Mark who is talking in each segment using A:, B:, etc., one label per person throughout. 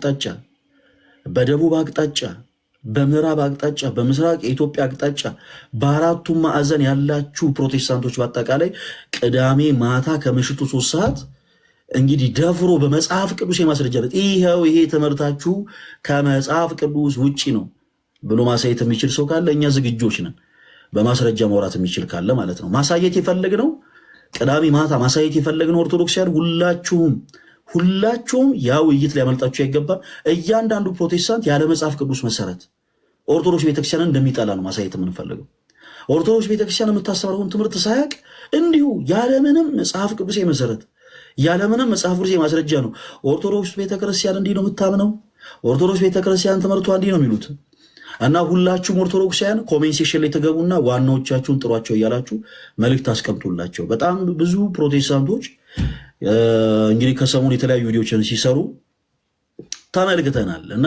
A: አቅጣጫ፣ በደቡብ አቅጣጫ፣ በምዕራብ አቅጣጫ፣ በምስራቅ የኢትዮጵያ አቅጣጫ በአራቱም ማዕዘን ያላችሁ ፕሮቴስታንቶች በአጠቃላይ ቅዳሜ ማታ ከምሽቱ ሶስት ሰዓት እንግዲህ ደፍሮ በመጽሐፍ ቅዱስ የማስረጃበት ይኸው ይሄ ትምህርታችሁ ከመጽሐፍ ቅዱስ ውጪ ነው ብሎ ማሳየት የሚችል ሰው ካለ እኛ ዝግጆች ነን። በማስረጃ ማውራት የሚችል ካለ ማለት ነው። ማሳየት የፈለግነው ቅዳሜ ማታ ማሳየት የፈለግነው ኦርቶዶክሳውያን ሁላችሁም ሁላችሁም ያ ውይይት ሊያመልጣችሁ አይገባም። እያንዳንዱ ፕሮቴስታንት ያለ መጽሐፍ ቅዱስ መሰረት ኦርቶዶክስ ቤተክርስቲያንን እንደሚጠላ ነው ማሳየት የምንፈልገው። ኦርቶዶክስ ቤተክርስቲያን የምታስተምረውን ትምህርት ሳያቅ እንዲሁ ያለምንም መጽሐፍ ቅዱሴ መሰረት ያለምንም መጽሐፍ ቅዱሴ ማስረጃ ነው ኦርቶዶክስ ቤተክርስቲያን እንዲህ ነው የምታምነው፣ ኦርቶዶክስ ቤተክርስቲያን ትምህርቷ እንዲህ ነው የሚሉት እና ሁላችሁም ኦርቶዶክሳውያን ኮሜንሴሽን ላይ ተገቡና ዋናዎቻችሁን ጥሯቸው እያላችሁ መልእክት አስቀምጡላቸው። በጣም ብዙ ፕሮቴስታንቶች እንግዲህ ከሰሞኑ የተለያዩ ቪዲዮችን ሲሰሩ ተመልክተናል እና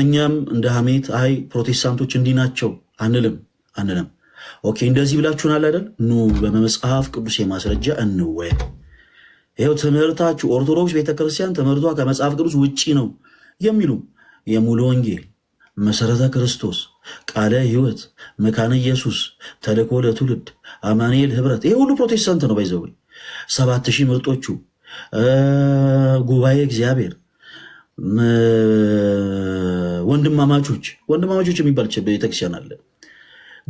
A: እኛም እንደ ሀሜት አይ ፕሮቴስታንቶች እንዲህ ናቸው አንልም አንልም። ኦኬ እንደዚህ ብላችሁናል አይደል? ኑ በመጽሐፍ ቅዱስ የማስረጃ እንወይ። ይኸው ትምህርታችሁ ኦርቶዶክስ ቤተክርስቲያን ትምህርቷ ከመጽሐፍ ቅዱስ ውጪ ነው የሚሉ የሙሉ ወንጌል መሰረተ ክርስቶስ ቃለ ሕይወት መካነ ኢየሱስ፣ ተልእኮ ለትውልድ፣ አማኑኤል ህብረት፣ ይሄ ሁሉ ፕሮቴስታንት ነው። ባይዘው ሰባት ሺህ ምርጦቹ፣ ጉባኤ እግዚአብሔር፣ ወንድማማቾች ወንድማማቾች የሚባል ቤተክርስቲያን አለ።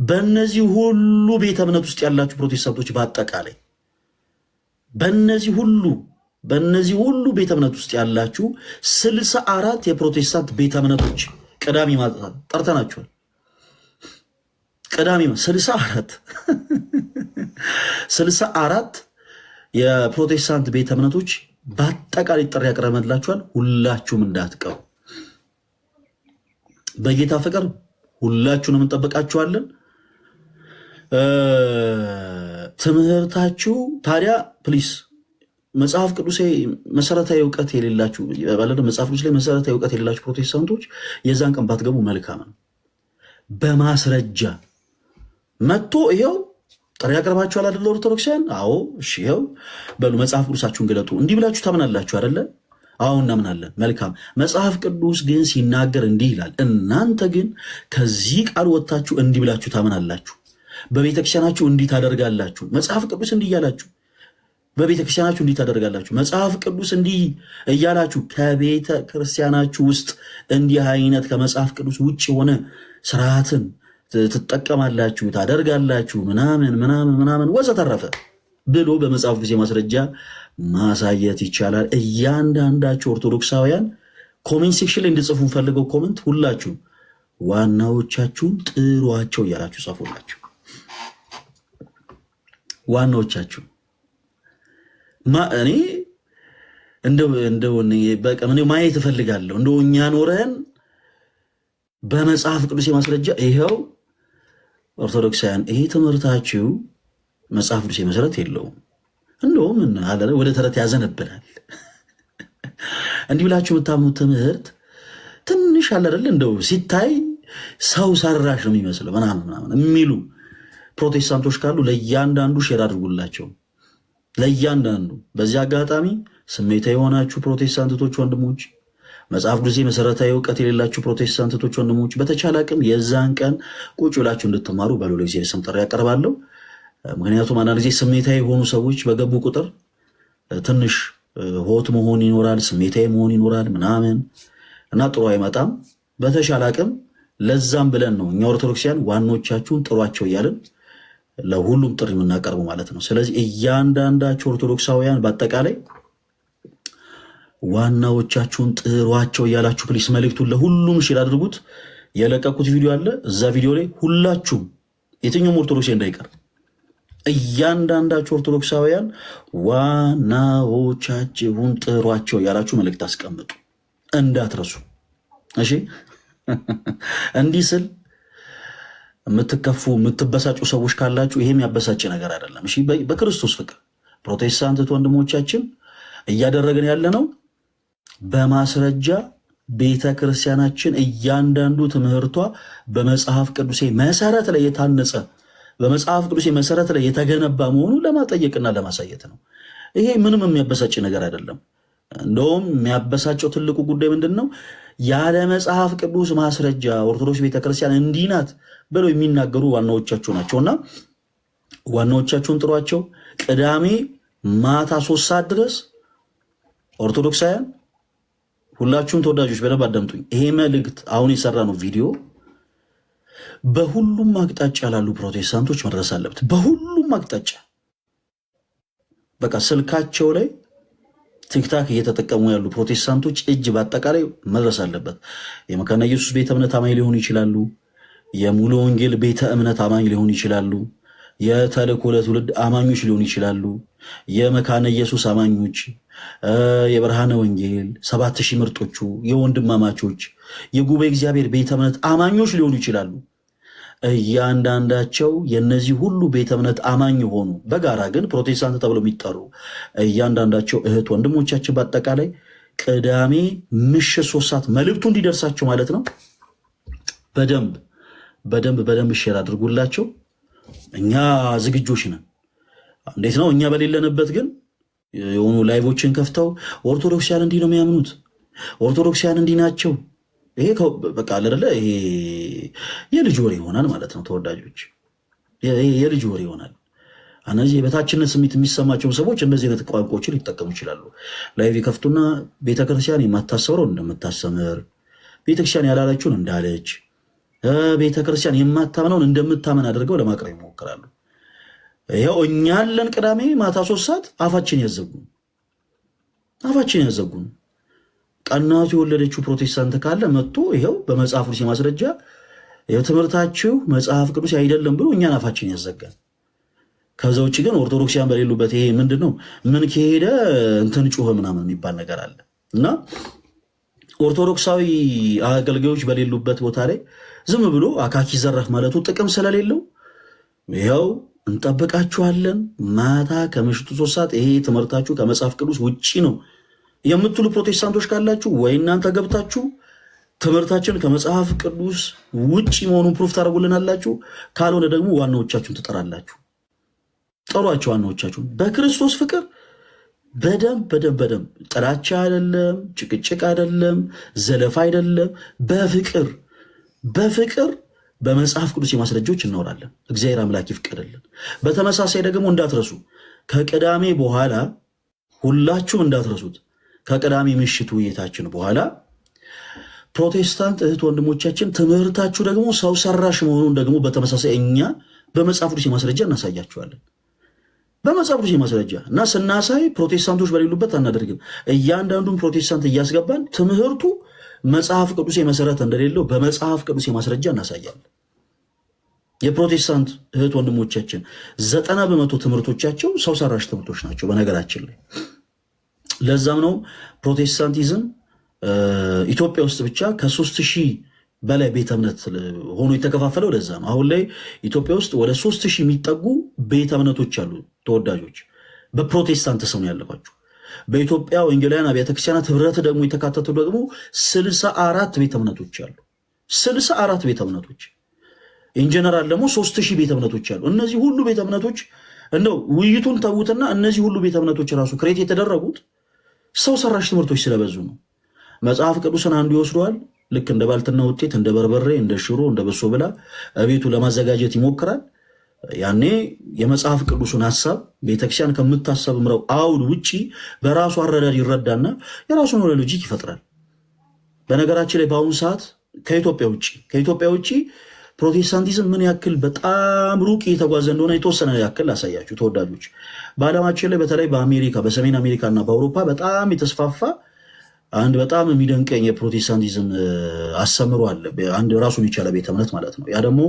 A: በእነዚህ ሁሉ ቤተ እምነት ውስጥ ያላችሁ ፕሮቴስታንቶች በአጠቃላይ በእነዚህ ሁሉ በእነዚህ ሁሉ ቤተ እምነት ውስጥ ያላችሁ ስልሳ አራት የፕሮቴስታንት ቤተ እምነቶች ቅዳሜ ማታ ጠርተናችኋል። ቀዳሚ ስልሳ አራት ስልሳ አራት የፕሮቴስታንት ቤተ እምነቶች በአጠቃላይ ጥሪ ያቀረበላችኋል። ሁላችሁም እንዳትቀሩ በጌታ ፍቅር ሁላችሁንም እንጠብቃችኋለን። ትምህርታችሁ ታዲያ ፕሊስ መጽሐፍ ቅዱሴ መሰረታዊ እውቀት የሌላችሁ መጽሐፍ ቅዱስ ላይ መሰረታዊ እውቀት የሌላችሁ ፕሮቴስታንቶች የዛን ቀን ባትገቡ መልካም ነው። በማስረጃ መጥቶ ይኸው ጥሪ ያቀርባችኋል አይደለ? ኦርቶዶክሳውያን አዎ፣ እሺ፣ ይኸው በሉ መጽሐፍ ቅዱሳችሁን ገለጡ። እንዲህ ብላችሁ ታምናላችሁ አደለ? አዎ እናምናለን። መልካም። መጽሐፍ ቅዱስ ግን ሲናገር እንዲህ ይላል። እናንተ ግን ከዚህ ቃል ወጥታችሁ እንዲህ ብላችሁ ታምናላችሁ፣ በቤተክርስቲያናችሁ እንዲህ ታደርጋላችሁ። መጽሐፍ ቅዱስ እንዲህ እያላችሁ በቤተ ክርስቲያናችሁ እንዲህ ታደርጋላችሁ። መጽሐፍ ቅዱስ እንዲህ እያላችሁ ከቤተ ክርስቲያናችሁ ውስጥ እንዲህ አይነት ከመጽሐፍ ቅዱስ ውጭ የሆነ ስርዓትን ትጠቀማላችሁ፣ ታደርጋላችሁ፣ ምናምን ምናምን ምናምን ወዘተረፈ ብሎ በመጽሐፍ ጊዜ ማስረጃ ማሳየት ይቻላል። እያንዳንዳችሁ ኦርቶዶክሳውያን ኮሜንት ሴክሽን ላይ እንድጽፉ ፈልገው ኮሜንት ሁላችሁ ዋናዎቻችሁን ጥሯቸው እያላችሁ ጻፉላችሁ። ዋናዎቻችሁ እኔ እንደው ማየት እፈልጋለሁ። እንደው እኛ ኖረን በመጽሐፍ ቅዱስ ማስረጃ ይኸው ኦርቶዶክሳውያን ይሄ ትምህርታችሁ መጽሐፍ ቅዱስ መሰረት የለውም። እንደውም አለ ወደ ተረት ያዘነብናል። እንዲህ ብላችሁ የምታምኑት ትምህርት ትንሽ አለ አይደል እንደው ሲታይ ሰው ሰራሽ ነው የሚመስለው ምናምን ምናምን የሚሉ ፕሮቴስታንቶች ካሉ ለእያንዳንዱ ሼር አድርጉላቸው። ለእያንዳንዱ በዚህ አጋጣሚ ስሜታ የሆናችሁ ፕሮቴስታንቶች ወንድሞች መጽሐፍ ጊዜ መሰረታዊ እውቀት የሌላችሁ ፕሮቴስታንትቶች ወንድሞች፣ በተቻለ አቅም የዛን ቀን ቁጭ ብላችሁ እንድትማሩ በሎሎ ጊዜ ስም ጥሪ ያቀርባለሁ። ምክንያቱም አንዳንድ ጊዜ ስሜታዊ የሆኑ ሰዎች በገቡ ቁጥር ትንሽ ሆት መሆን ይኖራል፣ ስሜታዊ መሆን ይኖራል ምናምን እና ጥሩ አይመጣም። በተሻለ አቅም ለዛም ብለን ነው እኛ ኦርቶዶክሲያን ዋኖቻችሁን ጥሯቸው እያልን ለሁሉም ጥሪ የምናቀርቡ ማለት ነው። ስለዚህ እያንዳንዳቸው ኦርቶዶክሳውያን በአጠቃላይ ዋናዎቻችሁን ጥሯቸው እያላችሁ ፕሊስ መልእክቱን ለሁሉም ሼር አድርጉት። የለቀኩት ቪዲዮ አለ። እዛ ቪዲዮ ላይ ሁላችሁም የትኛውም ኦርቶዶክስ እንዳይቀር እያንዳንዳችሁ ኦርቶዶክሳውያን ዋናዎቻችሁን ጥሯቸው እያላችሁ መልእክት አስቀምጡ፣ እንዳትረሱ። እሺ፣ እንዲህ ስል የምትከፉ የምትበሳጩ ሰዎች ካላችሁ ይሄም ያበሳጭ ነገር አይደለም። እሺ፣ በክርስቶስ ፍቅር ፕሮቴስታንት ወንድሞቻችን እያደረግን ያለ ነው በማስረጃ ቤተ ክርስቲያናችን እያንዳንዱ ትምህርቷ በመጽሐፍ ቅዱሴ መሰረት ላይ የታነጸ በመጽሐፍ ቅዱሴ መሰረት ላይ የተገነባ መሆኑን ለማጠየቅና ለማሳየት ነው። ይሄ ምንም የሚያበሳጭ ነገር አይደለም። እንደውም የሚያበሳጨው ትልቁ ጉዳይ ምንድን ነው? ያለ መጽሐፍ ቅዱስ ማስረጃ ኦርቶዶክስ ቤተክርስቲያን እንዲህ ናት ብለው የሚናገሩ ዋናዎቻቸው እና ዋናዎቻቸውን ጥሯቸው። ቅዳሜ ማታ ሶስት ሰዓት ድረስ ኦርቶዶክሳውያን ሁላችሁም ተወዳጆች በደንብ አዳምጡኝ። ይሄ መልእክት አሁን የሰራ ነው ቪዲዮ በሁሉም አቅጣጫ ላሉ ፕሮቴስታንቶች መድረስ አለበት። በሁሉም አቅጣጫ በቃ ስልካቸው ላይ ቲክታክ እየተጠቀሙ ያሉ ፕሮቴስታንቶች እጅ በአጠቃላይ መድረስ አለበት። የመካነ ኢየሱስ ቤተ እምነት አማኝ ሊሆኑ ይችላሉ። የሙሉ ወንጌል ቤተ እምነት አማኝ ሊሆኑ ይችላሉ። የተልእኮ ለትውልድ አማኞች ሊሆኑ ይችላሉ። የመካነ ኢየሱስ አማኞች፣ የብርሃነ ወንጌል ሰባት ሺህ ምርጦቹ፣ የወንድማማቾች፣ የጉባኤ እግዚአብሔር ቤተ እምነት አማኞች ሊሆኑ ይችላሉ። እያንዳንዳቸው የነዚህ ሁሉ ቤተ እምነት አማኝ የሆኑ በጋራ ግን ፕሮቴስታንት ተብለው የሚጠሩ እያንዳንዳቸው እህት ወንድሞቻችን በአጠቃላይ ቅዳሜ ምሽት ሶስት ሰዓት መልእክቱ እንዲደርሳቸው ማለት ነው። በደንብ በደንብ በደንብ ሼር አድርጉላቸው። እኛ ዝግጆች ነን። እንዴት ነው እኛ በሌለንበት ግን የሆኑ ላይቮችን ከፍተው ኦርቶዶክሲያን እንዲህ ነው የሚያምኑት፣ ኦርቶዶክሲያን እንዲህ ናቸው። ይሄ በቃ አለ ይሄ የልጅ ወሬ ይሆናል ማለት ነው። ተወዳጆች የልጅ ወሬ ይሆናል። እነዚህ የበታችነት ስሜት የሚሰማቸው ሰዎች እነዚህ አይነት ቋንቋዎችን ሊጠቀሙ ይችላሉ። ላይቭ ከፍቱና ቤተክርስቲያን የማታሰብረውን እንደምታሰምር ቤተክርስቲያን ያላለችውን እንዳለች ቤተክርስቲያን የማታምነውን እንደምታመን አድርገው ለማቅረብ ይሞክራሉ። ይኸው እኛ ያለን ቅዳሜ ማታ ሶስት ሰዓት አፋችን ያዘጉ አፋችን ያዘጉ ቀናቱ የወለደችው ፕሮቴስታንት ካለ መጥቶ ይኸው በመጽሐፍ ቅዱስ ማስረጃ ትምህርታችሁ መጽሐፍ ቅዱስ አይደለም ብሎ እኛን አፋችን ያዘጋል። ከዛ ውጭ ግን ኦርቶዶክሲያን በሌሉበት ይሄ ምንድን ነው? ምን ከሄደ እንትን ጩኸ ምናምን የሚባል ነገር አለ እና ኦርቶዶክሳዊ አገልጋዮች በሌሉበት ቦታ ላይ ዝም ብሎ አካኪ ዘረፍ ማለቱ ጥቅም ስለሌለው ይኸው እንጠብቃችኋለን። ማታ ከምሽቱ ሶስት ሰዓት ይሄ ትምህርታችሁ ከመጽሐፍ ቅዱስ ውጪ ነው የምትሉ ፕሮቴስታንቶች ካላችሁ ወይ እናንተ ገብታችሁ ትምህርታችን ከመጽሐፍ ቅዱስ ውጭ መሆኑን ፕሩፍ ታደርጉልናላችሁ። ካልሆነ ደግሞ ዋናዎቻችሁን ትጠራላችሁ። ጠሯቸው ዋናዎቻችሁን። በክርስቶስ ፍቅር በደንብ በደንብ በደንብ ጥላቻ አይደለም፣ ጭቅጭቅ አይደለም፣ ዘለፋ አይደለም፣ በፍቅር በፍቅር በመጽሐፍ ቅዱስ የማስረጃዎች እናወራለን። እግዚአብሔር አምላክ ይፍቀደልን። በተመሳሳይ ደግሞ እንዳትረሱ ከቅዳሜ በኋላ ሁላችሁም እንዳትረሱት ከቅዳሜ ምሽት ውይይታችን በኋላ ፕሮቴስታንት እህት ወንድሞቻችን ትምህርታችሁ ደግሞ ሰው ሰራሽ መሆኑን ደግሞ በተመሳሳይ እኛ በመጽሐፍ ቅዱስ የማስረጃ እናሳያችኋለን። በመጽሐፍ ቅዱስ የማስረጃ እና ስናሳይ ፕሮቴስታንቶች በሌሉበት አናደርግም። እያንዳንዱን ፕሮቴስታንት እያስገባን ትምህርቱ መጽሐፍ ቅዱሴ መሰረት እንደሌለው በመጽሐፍ ቅዱሴ ማስረጃ እናሳያለን። የፕሮቴስታንት እህት ወንድሞቻችን ዘጠና በመቶ ትምህርቶቻቸው ሰው ሰራሽ ትምህርቶች ናቸው። በነገራችን ላይ ለዛም ነው ፕሮቴስታንቲዝም ኢትዮጵያ ውስጥ ብቻ ከሶስት ሺህ በላይ ቤተ እምነት ሆኖ የተከፋፈለው ለዛ ነው። አሁን ላይ ኢትዮጵያ ውስጥ ወደ ሶስት ሺህ የሚጠጉ ቤተ እምነቶች አሉ። ተወዳጆች በፕሮቴስታንት ስም ነው ያለባቸው። በኢትዮጵያ ወንጌላውያን አብያተ ክርስቲያናት ህብረት ደግሞ የተካተቱ ደግሞ ስልሳ አራት ቤተ እምነቶች አሉ። ስልሳ አራት ቤተ እምነቶች ኢንጀነራል ደግሞ ሶስት ሺህ ቤተ እምነቶች አሉ። እነዚህ ሁሉ ቤተ እምነቶች እንደው ውይይቱን ተዉትና እነዚህ ሁሉ ቤተ እምነቶች ራሱ ክሬት የተደረጉት ሰው ሰራሽ ትምህርቶች ስለበዙ ነው። መጽሐፍ ቅዱስን አንዱ ይወስደዋል። ልክ እንደ ባልትና ውጤት፣ እንደ በርበሬ፣ እንደ ሽሮ፣ እንደ በሶ ብላ ቤቱ ለማዘጋጀት ይሞክራል። ያኔ የመጽሐፍ ቅዱሱን ሀሳብ ቤተክርስቲያን ከምታሰምረው አውድ ውጪ በራሱ አረዳድ ይረዳና የራሱን ሆነ ሎጂክ ይፈጥራል። በነገራችን ላይ በአሁኑ ሰዓት ከኢትዮጵያ ውጭ ከኢትዮጵያ ውጭ ፕሮቴስታንቲዝም ምን ያክል በጣም ሩቅ የተጓዘ እንደሆነ የተወሰነ ያክል አሳያችሁ ተወዳጆች። በዓለማችን ላይ በተለይ በአሜሪካ በሰሜን አሜሪካ እና በአውሮፓ በጣም የተስፋፋ አንድ በጣም የሚደንቀኝ የፕሮቴስታንቲዝም አስተምሮ አለ። አንድ ራሱን የቻለ ቤተ እምነት ማለት ነው። ያ ደግሞ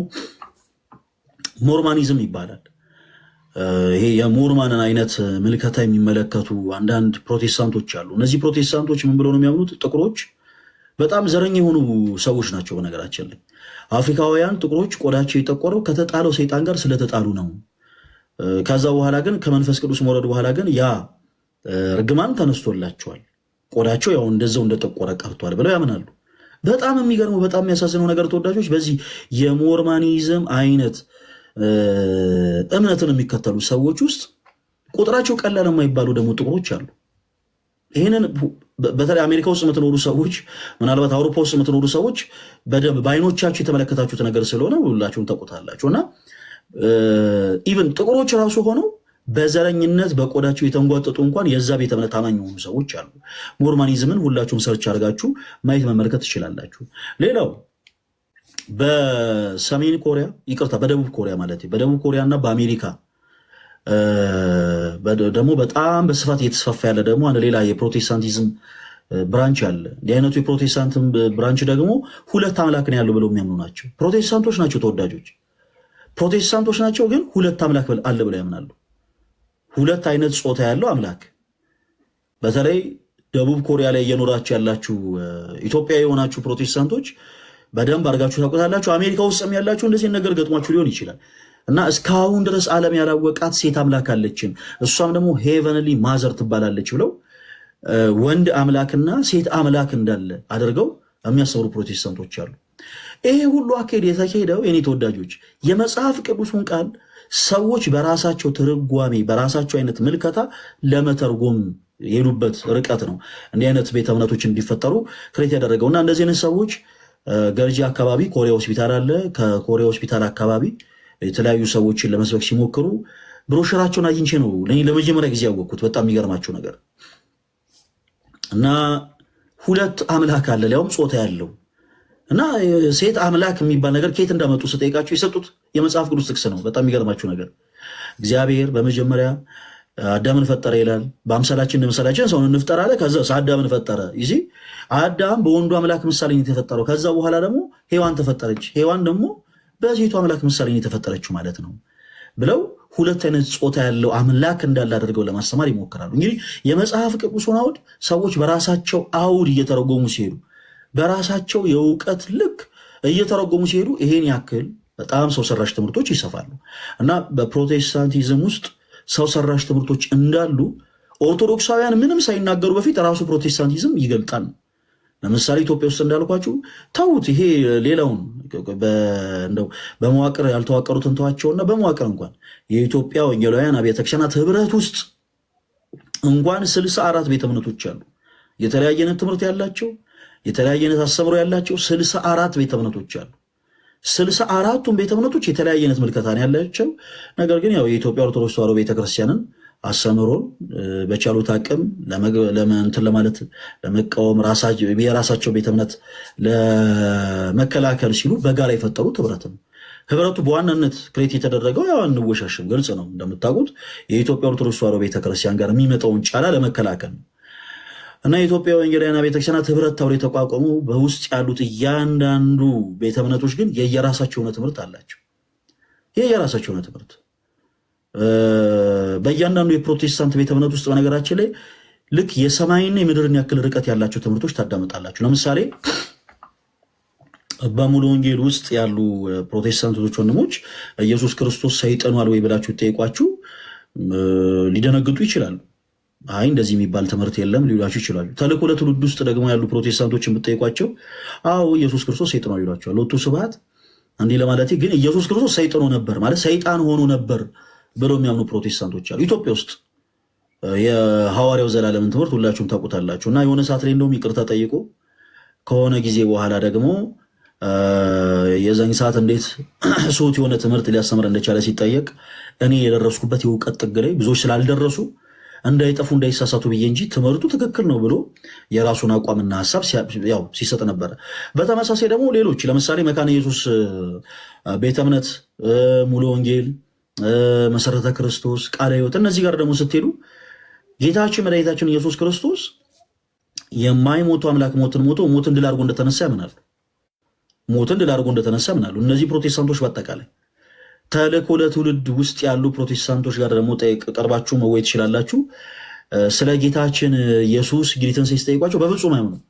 A: ሞርማኒዝም ይባላል። ይሄ የሞርማንን አይነት ምልከታ የሚመለከቱ አንዳንድ ፕሮቴስታንቶች አሉ። እነዚህ ፕሮቴስታንቶች ምን ብለው ነው የሚያምኑት? ጥቁሮች በጣም ዘረኛ የሆኑ ሰዎች ናቸው። በነገራችን ላይ አፍሪካውያን ጥቁሮች ቆዳቸው የጠቆረው ከተጣለው ሰይጣን ጋር ስለተጣሉ ነው። ከዛ በኋላ ግን ከመንፈስ ቅዱስ መውረድ በኋላ ግን ያ እርግማን ተነስቶላቸዋል። ቆዳቸው ያው እንደዛው እንደጠቆረ ቀርቷል ብለው ያምናሉ። በጣም የሚገርመው በጣም የሚያሳዝነው ነገር ተወዳጆች በዚህ የሞርማኒዝም አይነት እምነትን የሚከተሉ ሰዎች ውስጥ ቁጥራቸው ቀላል የማይባሉ ደግሞ ጥቁሮች አሉ። ይህንን በተለይ አሜሪካ ውስጥ የምትኖሩ ሰዎች ምናልባት አውሮፓ ውስጥ የምትኖሩ ሰዎች በደንብ በአይኖቻችሁ የተመለከታችሁት ነገር ስለሆነ ሁላችሁም ተቆታላችሁ እና ኢቨን ጥቁሮች ራሱ ሆነው በዘረኝነት በቆዳቸው የተንጓጠጡ እንኳን የዛ ቤተ እምነት ታማኝ የሆኑ ሰዎች አሉ። ሞርማኒዝምን ሁላችሁም ሰርች አድርጋችሁ ማየት መመልከት ትችላላችሁ። ሌላው በሰሜን ኮሪያ ይቅርታ፣ በደቡብ ኮሪያ ማለት በደቡብ ኮሪያ እና በአሜሪካ ደግሞ በጣም በስፋት እየተስፋፋ ያለ ደግሞ አንድ ሌላ የፕሮቴስታንቲዝም ብራንች አለ። እንዲህ አይነቱ የፕሮቴስታንት ብራንች ደግሞ ሁለት አምላክ ነው ያለው ብለው የሚያምኑ ናቸው። ፕሮቴስታንቶች ናቸው ተወዳጆች፣ ፕሮቴስታንቶች ናቸው ግን ሁለት አምላክ አለ ብለው ያምናሉ። ሁለት አይነት ጾታ ያለው አምላክ በተለይ ደቡብ ኮሪያ ላይ እየኖራችሁ ያላችሁ ኢትዮጵያ የሆናችሁ ፕሮቴስታንቶች በደንብ አድርጋችሁ ታውቁታላችሁ። አሜሪካ ውስጥም ያላችሁ እንደዚህ ነገር ገጥሟችሁ ሊሆን ይችላል። እና እስካሁን ድረስ ዓለም ያላወቃት ሴት አምላክ አለችን፣ እሷም ደግሞ ሄቨንሊ ማዘር ትባላለች ብለው ወንድ አምላክና ሴት አምላክ እንዳለ አድርገው የሚያሰሩ ፕሮቴስታንቶች አሉ። ይሄ ሁሉ አካሄድ የተካሄደው የኔ ተወዳጆች የመጽሐፍ ቅዱሱን ቃል ሰዎች በራሳቸው ትርጓሜ በራሳቸው አይነት ምልከታ ለመተርጎም የሄዱበት ርቀት ነው። እንዲህ አይነት ቤተ እምነቶች እንዲፈጠሩ ክሬት ያደረገው እና እንደዚህ አይነት ሰዎች ገርጂ አካባቢ ኮሪያ ሆስፒታል አለ። ከኮሪያ ሆስፒታል አካባቢ የተለያዩ ሰዎችን ለመስበክ ሲሞክሩ ብሮሸራቸውን አግኝቼ ነው ለመጀመሪያ ጊዜ ያወቅኩት። በጣም የሚገርማቸው ነገር እና ሁለት አምላክ አለ ሊያውም ጾታ ያለው እና ሴት አምላክ የሚባል ነገር ከየት እንዳመጡ ስጠይቃቸው የሰጡት የመጽሐፍ ቅዱስ ጥቅስ ነው። በጣም የሚገርማችሁ ነገር እግዚአብሔር በመጀመሪያ አዳምን ፈጠረ ይላል። በአምሳላችን ምሳላችን ሰውን እንፍጠር አለ። ከዛ አዳምን ፈጠረ። ይዚ አዳም በወንዱ አምላክ ምሳሌ የተፈጠረው። ከዛ በኋላ ደግሞ ሔዋን ተፈጠረች። ሔዋን ደግሞ በሴቱ አምላክ ምሳሌ የተፈጠረችው ማለት ነው ብለው ሁለት አይነት ጾታ ያለው አምላክ እንዳለ አድርገው ለማስተማር ይሞክራሉ። እንግዲህ የመጽሐፍ ቅዱሱን አውድ ሰዎች በራሳቸው አውድ እየተረጎሙ ሲሄዱ በራሳቸው የእውቀት ልክ እየተረጎሙ ሲሄዱ ይሄን ያክል በጣም ሰው ሰራሽ ትምህርቶች ይሰፋሉ እና በፕሮቴስታንቲዝም ውስጥ ሰው ሰራሽ ትምህርቶች እንዳሉ ኦርቶዶክሳውያን ምንም ሳይናገሩ በፊት ራሱ ፕሮቴስታንቲዝም ይገልጣል። ለምሳሌ ኢትዮጵያ ውስጥ እንዳልኳችሁ ተውት፣ ይሄ ሌላውን በመዋቅር ያልተዋቀሩትን ተዋቸውና በመዋቅር እንኳን የኢትዮጵያ ወንጌላውያን አብያተ ክርስቲያናት ህብረት ውስጥ እንኳን ስልሳ አራት ቤተ እምነቶች አሉ። የተለያየ አይነት ትምህርት ያላቸው የተለያየ አይነት አስተምሮ ያላቸው ስልሳ አራት ቤተ እምነቶች አሉ። ስልሳ አራቱን ቤተ እምነቶች የተለያየ አይነት ምልከታ ነው ያላቸው። ነገር ግን ያው የኢትዮጵያ ኦርቶዶክስ ተዋሕዶ ቤተክርስቲያንን አሰምሮን በቻሉት አቅም ለመንትን ለማለት ለመቃወም የራሳቸው ቤተ እምነት ለመከላከል ሲሉ በጋራ የፈጠሩት ህብረት ነው። ህብረቱ በዋናነት ክሬት የተደረገው ያው አንወሻሽም፣ ግልጽ ነው። እንደምታውቁት የኢትዮጵያ ኦርቶዶክስ ተዋሕዶ ቤተክርስቲያን ጋር የሚመጣውን ጫና ለመከላከል ነው። እና የኢትዮጵያ ወንጌላውያን ቤተክርስቲያናት ህብረት ተብሎ የተቋቋሙ በውስጥ ያሉት እያንዳንዱ ቤተ እምነቶች ግን የየራሳቸው የሆነ ትምህርት አላቸው። የየራሳቸው የሆነ ትምህርት በእያንዳንዱ የፕሮቴስታንት ቤተ እምነት ውስጥ በነገራችን ላይ ልክ የሰማይና የምድርን ያክል ርቀት ያላቸው ትምህርቶች ታዳምጣላችሁ። ለምሳሌ በሙሉ ወንጌል ውስጥ ያሉ ፕሮቴስታንቶች ወንድሞች ኢየሱስ ክርስቶስ ሰይጠኗል ወይ ብላችሁ ጠይቋችሁ ሊደነግጡ ይችላሉ። አይ እንደዚህ የሚባል ትምህርት የለም ሊሏቸው ይችላሉ። ተልእኮ ለትውልድ ውስጥ ደግሞ ያሉ ፕሮቴስታንቶች የምጠይቋቸው አዎ ኢየሱስ ክርስቶስ ሰይጥ ነው ይሏቸዋል። ሎቱ ስብሐት እንዲህ ለማለት ግን ኢየሱስ ክርስቶስ ሰይጥኖ ነበር ማለት ሰይጣን ሆኖ ነበር ብሎ የሚያምኑ ፕሮቴስታንቶች አሉ ኢትዮጵያ ውስጥ። የሐዋርያው ዘላለምን ትምህርት ሁላችሁም ታውቁታላችሁ። እና የሆነ ሰዓት ላይ እንደውም ይቅርታ ጠይቆ ከሆነ ጊዜ በኋላ ደግሞ የዘኝ ሰዓት እንዴት ሶት የሆነ ትምህርት ሊያስተምር እንደቻለ ሲጠየቅ እኔ የደረስኩበት የእውቀት ጥግ ላይ ብዙዎች ስላልደረሱ እንዳይጠፉ እንዳይሳሳቱ ብዬ እንጂ ትምህርቱ ትክክል ነው ብሎ የራሱን አቋምና ሀሳብ ሲሰጥ ነበረ። በተመሳሳይ ደግሞ ሌሎች ለምሳሌ መካነ ኢየሱስ ቤተ እምነት፣ ሙሉ ወንጌል፣ መሰረተ ክርስቶስ፣ ቃለ ሕይወት እነዚህ ጋር ደግሞ ስትሄዱ ጌታችን መድኃኒታችን ኢየሱስ ክርስቶስ የማይሞቱ አምላክ ሞትን ሞቶ ሞትን ድል አድርጎ እንደተነሳ ያምናሉ። ሞትን ድል አድርጎ እንደተነሳ ያምናሉ። እነዚህ ፕሮቴስታንቶች በአጠቃላይ ተልእኮ ለትውልድ ውስጥ ያሉ ፕሮቴስታንቶች ጋር ደግሞ ቀርባችሁ መወይ ትችላላችሁ። ስለ ጌታችን ኢየሱስ ሴስ ጠይቋቸው። በፍጹም አይሆኑም።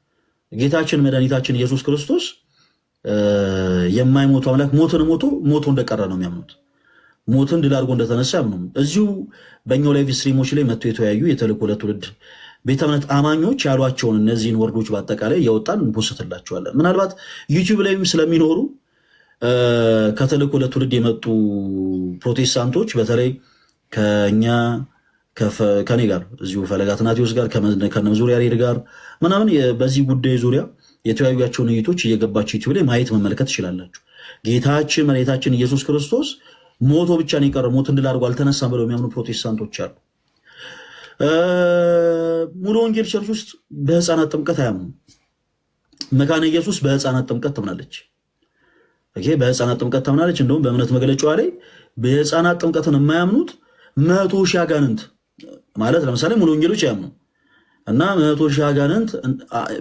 A: ጌታችን መድኃኒታችን ኢየሱስ ክርስቶስ የማይሞቱ አምላክ ሞትን ሞቶ ሞቶ እንደቀረ ነው የሚያምኑት። ሞትን ድል አድርጎ እንደተነሳ ያምኑም። እዚሁ በእኛው ላይቭ ስትሪሞች ላይ መጥቶ የተወያዩ የተልእኮ ለትውልድ ቤተ እምነት አማኞች ያሏቸውን እነዚህን ወርዶች በአጠቃላይ እያወጣን እንፖስትላቸዋለን። ምናልባት ዩቲዩብ ላይም ስለሚኖሩ ከተልእኮ ለትውልድ የመጡ ፕሮቴስታንቶች በተለይ ከእኛ ከኔ ጋር እዚሁ ፈለገ አትናቴዎስ ጋር ዙሪያ ሬድ ጋር ምናምን በዚህ ጉዳይ ዙሪያ የተለያዩቸውን እይቶች እየገባቸው ዩቲዩብ ላይ ማየት መመልከት ትችላላችሁ። ጌታችን መሬታችን ኢየሱስ ክርስቶስ ሞቶ ብቻ ነው የቀረ ሞት እንድል አልተነሳም ብለው የሚያምኑ ፕሮቴስታንቶች አሉ። ሙሉ ወንጌል ቸርች ውስጥ በህፃናት ጥምቀት አያምኑ። መካነ ኢየሱስ በህፃናት ጥምቀት ትምናለች። በህፃናት ጥምቀት ታምናለች። እንደውም በእምነት መግለጫዋ ላይ በህፃናት ጥምቀትን የማያምኑት መቶ ሺህ አጋንንት ማለት ለምሳሌ ሙሉ ወንጌሎች ያምኑ እና መቶ ሺህ አጋንንት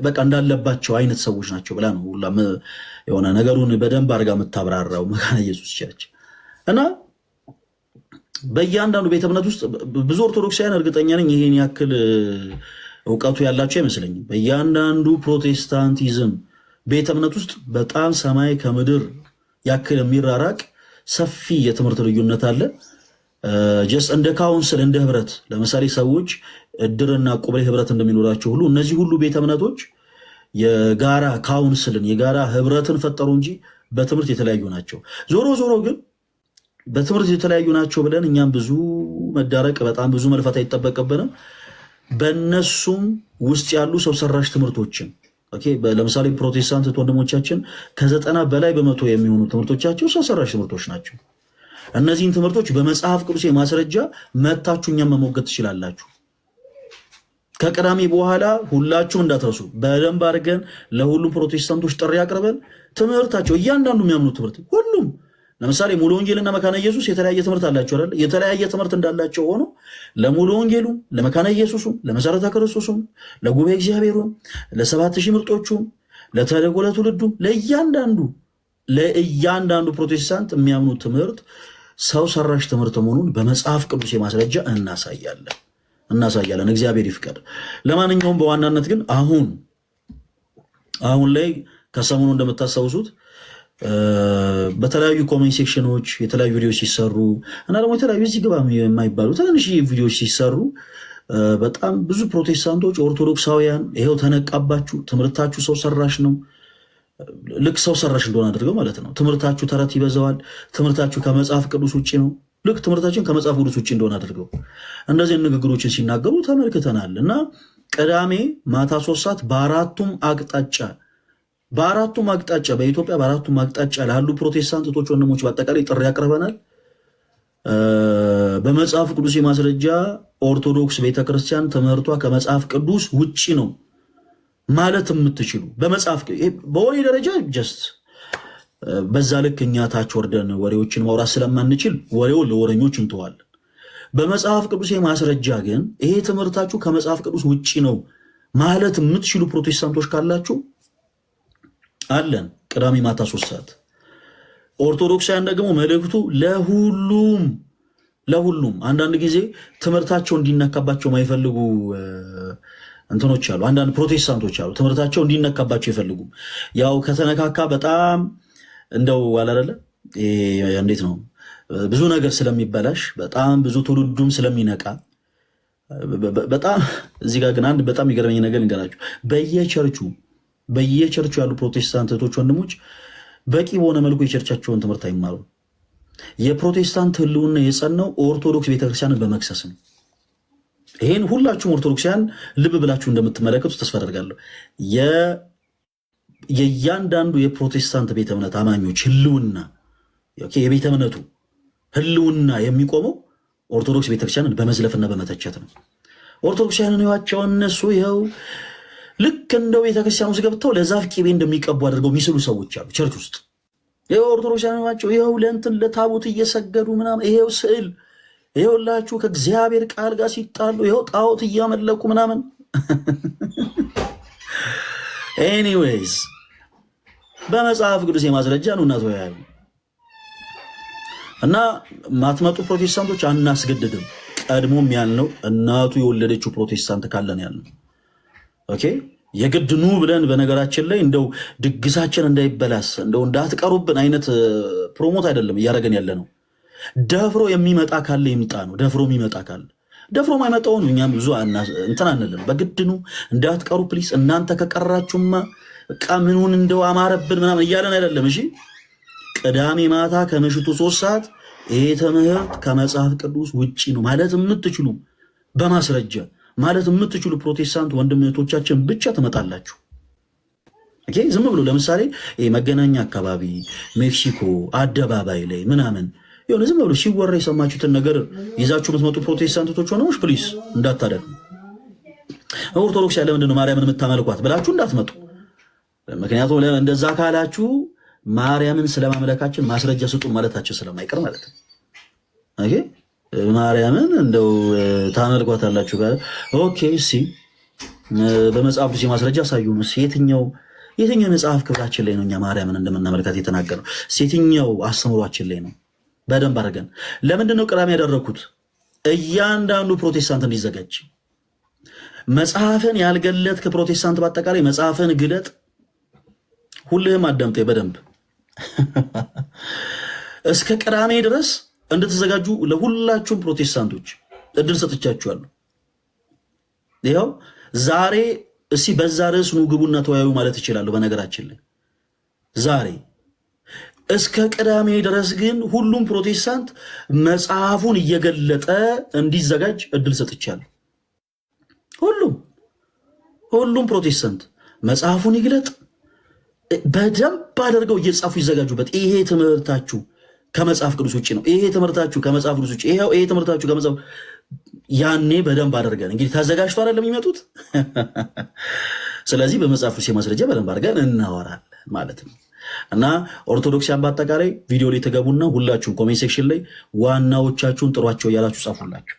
A: በቃ እንዳለባቸው አይነት ሰዎች ናቸው ብላ ነው የሆነ ነገሩን በደንብ አድርጋ የምታብራራው መካነ ኢየሱስ ቸርች እና በእያንዳንዱ ቤተ እምነት ውስጥ ብዙ ኦርቶዶክሳውያን እርግጠኛ ነኝ ይህን ያክል እውቀቱ ያላቸው አይመስለኝም። በእያንዳንዱ ፕሮቴስታንቲዝም ቤተ እምነት ውስጥ በጣም ሰማይ ከምድር ያክል የሚራራቅ ሰፊ የትምህርት ልዩነት አለ። ጀስ እንደ ካውንስል እንደ ህብረት ለምሳሌ ሰዎች እድርና ቁብሌ ህብረት እንደሚኖራቸው ሁሉ እነዚህ ሁሉ ቤተ እምነቶች የጋራ ካውንስልን የጋራ ህብረትን ፈጠሩ እንጂ በትምህርት የተለያዩ ናቸው። ዞሮ ዞሮ ግን በትምህርት የተለያዩ ናቸው ብለን እኛም ብዙ መዳረቅ በጣም ብዙ መልፋት አይጠበቅብንም። በእነሱም ውስጥ ያሉ ሰው ሰራሽ ትምህርቶችን ለምሳሌ ፕሮቴስታንት ወንድሞቻችን ከዘጠና በላይ በመቶ የሚሆኑ ትምህርቶቻቸው ሰው ሰራሽ ትምህርቶች ናቸው። እነዚህን ትምህርቶች በመጽሐፍ ቅዱስ ማስረጃ መታችሁ እኛም መሞገት ትችላላችሁ። ከቅዳሜ በኋላ ሁላችሁም እንዳትረሱ በደንብ አድርገን ለሁሉም ፕሮቴስታንቶች ጥሪ አቅርበን ትምህርታቸው እያንዳንዱ የሚያምኑ ትምህርት ሁሉም ለምሳሌ ሙሉ ወንጌልና መካነ ኢየሱስ የተለያየ ትምህርት አላቸው አይደል? የተለያየ ትምህርት እንዳላቸው ሆኖ ለሙሉ ወንጌሉ፣ ለመካነ ኢየሱስም ለመሰረተ ክርስቶሱም ለጉባኤ እግዚአብሔሩም ለሰባት ሺህ ምርጦቹም ለተልእኮ ለትውልዱም ለእያንዳንዱ ለእያንዳንዱ ፕሮቴስታንት የሚያምኑት ትምህርት ሰው ሰራሽ ትምህርት መሆኑን በመጽሐፍ ቅዱስ የማስረጃ እናሳያለን እናሳያለን። እግዚአብሔር ይፍቀድ። ለማንኛውም በዋናነት ግን አሁን አሁን ላይ ከሰሞኑ እንደምታስታውሱት በተለያዩ ኮሜንት ሴክሽኖች የተለያዩ ቪዲዮዎች ሲሰሩ እና ደግሞ የተለያዩ እዚህ ግባ የማይባሉ ትንንሽ ቪዲዮዎች ሲሰሩ በጣም ብዙ ፕሮቴስታንቶች፣ ኦርቶዶክሳውያን ይሄው ተነቃባችሁ፣ ትምህርታችሁ ሰው ሰራሽ ነው ልክ ሰው ሰራሽ እንደሆነ አድርገው ማለት ነው። ትምህርታችሁ ተረት ይበዛዋል፣ ትምህርታችሁ ከመጽሐፍ ቅዱስ ውጭ ነው። ልክ ትምህርታችን ከመጽሐፍ ቅዱስ ውጭ እንደሆነ አድርገው እንደዚህ ንግግሮችን ሲናገሩ ተመልክተናል እና ቅዳሜ ማታ ሶስት ሰዓት በአራቱም አቅጣጫ በአራቱም አቅጣጫ በኢትዮጵያ በአራቱም አቅጣጫ ላሉ ፕሮቴስታንት እህቶች ወንድሞች በአጠቃላይ ጥሪ ያቀርበናል። በመጽሐፍ ቅዱስ ማስረጃ ኦርቶዶክስ ቤተክርስቲያን ትምህርቷ ከመጽሐፍ ቅዱስ ውጭ ነው ማለት የምትችሉ በመጽሐፍ በወሬ ደረጃ ጀስት በዛ ልክ እኛ ታች ወርደን ወሬዎችን ማውራት ስለማንችል ወሬው ለወረኞች እንተዋለን። በመጽሐፍ ቅዱስ ማስረጃ ግን ይሄ ትምህርታችሁ ከመጽሐፍ ቅዱስ ውጭ ነው ማለት የምትችሉ ፕሮቴስታንቶች ካላችሁ አለን ቅዳሜ ማታ ሶስት ሰዓት። ኦርቶዶክሳውያን ደግሞ መልእክቱ ለሁሉም ለሁሉም አንዳንድ ጊዜ ትምህርታቸው እንዲነካባቸው የማይፈልጉ እንትኖች አሉ። አንዳንድ ፕሮቴስታንቶች አሉ ትምህርታቸው እንዲነካባቸው አይፈልጉም። ያው ከተነካካ በጣም እንደው አላደለ እንዴት ነው ብዙ ነገር ስለሚበላሽ በጣም ብዙ ትውልዱም ስለሚነቃ በጣም እዚህ ጋር ግን አንድ በጣም የገረመኝ ነገር እንገራችሁ በየቸርቹ በየቸርቹ ያሉ ፕሮቴስታንት እህቶች ወንድሞች በቂ በሆነ መልኩ የቸርቻቸውን ትምህርት አይማሩ የፕሮቴስታንት ህልውና የጸናው ኦርቶዶክስ ቤተክርስቲያንን በመክሰስ ነው። ይህን ሁላችሁም ኦርቶዶክሲያን ልብ ብላችሁ እንደምትመለከቱ ተስፋ አደርጋለሁ። የእያንዳንዱ የፕሮቴስታንት ቤተ እምነት አማኞች ህልውና የቤተ እምነቱ ህልውና የሚቆመው ኦርቶዶክስ ቤተክርስቲያንን በመዝለፍና በመተቸት ነው። ኦርቶዶክሲያንን ዋቸው እነሱ ይኸው ልክ እንደ ቤተክርስቲያን ውስጥ ገብተው ለዛፍ ቂቤ እንደሚቀቡ አድርገው የሚስሉ ሰዎች አሉ። ቸርች ውስጥ ይኸው ኦርቶዶክሳን ናቸው። ይኸው ለእንትን ለታቦት እየሰገዱ ምናምን፣ ይሄው ስዕል፣ ይኸውላችሁ ከእግዚአብሔር ቃል ጋር ሲጣሉ፣ ይኸው ጣዖት እያመለኩ ምናምን። ኤኒዌይስ በመጽሐፍ ቅዱስ የማስረጃ ነው እና ተወያዩ እና ማትመጡ ፕሮቴስታንቶች አናስገድድም። ቀድሞም ያልነው እናቱ የወለደችው ፕሮቴስታንት ካለን ያልነው ኦኬ የግድ ኑ ብለን በነገራችን ላይ እንደው ድግሳችን እንዳይበላስ እንደው እንዳትቀሩብን አይነት ፕሮሞት አይደለም እያደረገን ያለ ነው። ደፍሮ የሚመጣ ካለ ይምጣ ነው። ደፍሮ የሚመጣ ካለ ደፍሮ ማይመጣውን እኛም ብዙ እንትን አንልም። በግድ ኑ እንዳትቀሩ ፕሊስ። እናንተ ከቀራችሁማ በቃ ምኑን እንደው አማረብን ምናምን እያለን አይደለም። እሺ ቅዳሜ ማታ ከምሽቱ ሶስት ሰዓት ይሄ ትምህርት ከመጽሐፍ ቅዱስ ውጪ ነው ማለት የምትችሉ በማስረጃ ማለት የምትችሉ ፕሮቴስታንት ወንድም እህቶቻችን ብቻ ትመጣላችሁ። ዝም ብሎ ለምሳሌ መገናኛ አካባቢ፣ ሜክሲኮ አደባባይ ላይ ምናምን የሆነ ዝም ብሎ ሲወራ የሰማችሁትን ነገር ይዛችሁ የምትመጡ ፕሮቴስታንቶች ሆነች ፕሊስ እንዳታደርጉ። ኦርቶዶክስ ያለ ምንድነው ማርያምን የምታመልኳት ብላችሁ እንዳትመጡ። ምክንያቱም እንደዛ ካላችሁ ማርያምን ስለማምለካችን ማስረጃ ስጡ ማለታችን ስለማይቀር ማለት ነው። ማርያምን እንደው ታመልኳታላችሁ። ኦኬ እሺ፣ በመጽሐፍ ቅዱስ ማስረጃ አሳዩን። የትኛው የትኛው የመጽሐፍ ክፍላችን ላይ ነው እኛ ማርያምን እንደምናመልካት የተናገረው? የትኛው አስተምሯችን ላይ ነው? በደንብ አድርገን ለምንድን ነው ቅዳሜ ያደረግኩት? እያንዳንዱ ፕሮቴስታንት እንዲዘጋጅ መጽሐፍን ያልገለጥክ ፕሮቴስታንት በአጠቃላይ መጽሐፍን ግለጥ። ሁልህም አዳምጤ በደንብ እስከ ቅዳሜ ድረስ እንድትዘጋጁ ለሁላችሁም ፕሮቴስታንቶች እድል ሰጥቻችኋለሁ። ይኸው ዛሬ እስኪ በዛ ርዕስ ኑ ግቡና ተወያዩ ማለት ይችላለሁ። በነገራችን ላይ ዛሬ እስከ ቅዳሜ ድረስ ግን ሁሉም ፕሮቴስታንት መጽሐፉን እየገለጠ እንዲዘጋጅ እድል ሰጥቻለሁ። ሁሉም ሁሉም ፕሮቴስታንት መጽሐፉን ይግለጥ። በደንብ አድርገው እየጻፉ ይዘጋጁበት። ይሄ ትምህርታችሁ ከመጽሐፍ ቅዱስ ውጭ ነው። ይሄ ትምህርታችሁ ከመጽሐፍ ቅዱስ ውጭ፣ ይሄ ትምህርታችሁ ከመጽሐፍ ያኔ በደንብ አድርገን እንግዲህ ተዘጋጅቶ አይደለም የሚመጡት። ስለዚህ በመጽሐፍ ቅዱስ የማስረጃ በደንብ አድርገን እናወራለን ማለት ነው። እና ኦርቶዶክሲያን በአጠቃላይ ቪዲዮ ላይ ተገቡና ሁላችሁም ኮሜንት ሴክሽን ላይ ዋናዎቻችሁን ጥሯቸው እያላችሁ ጻፉላችሁ።